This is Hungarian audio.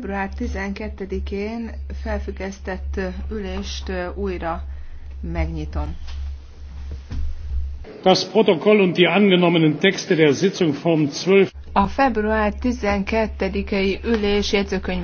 Február 12-én felfüggesztett ülést újra megnyitom. Das Protokoll und die angenommenen Texte der Sitzung vom 12. A február 12-i ülés jegyzőkönyve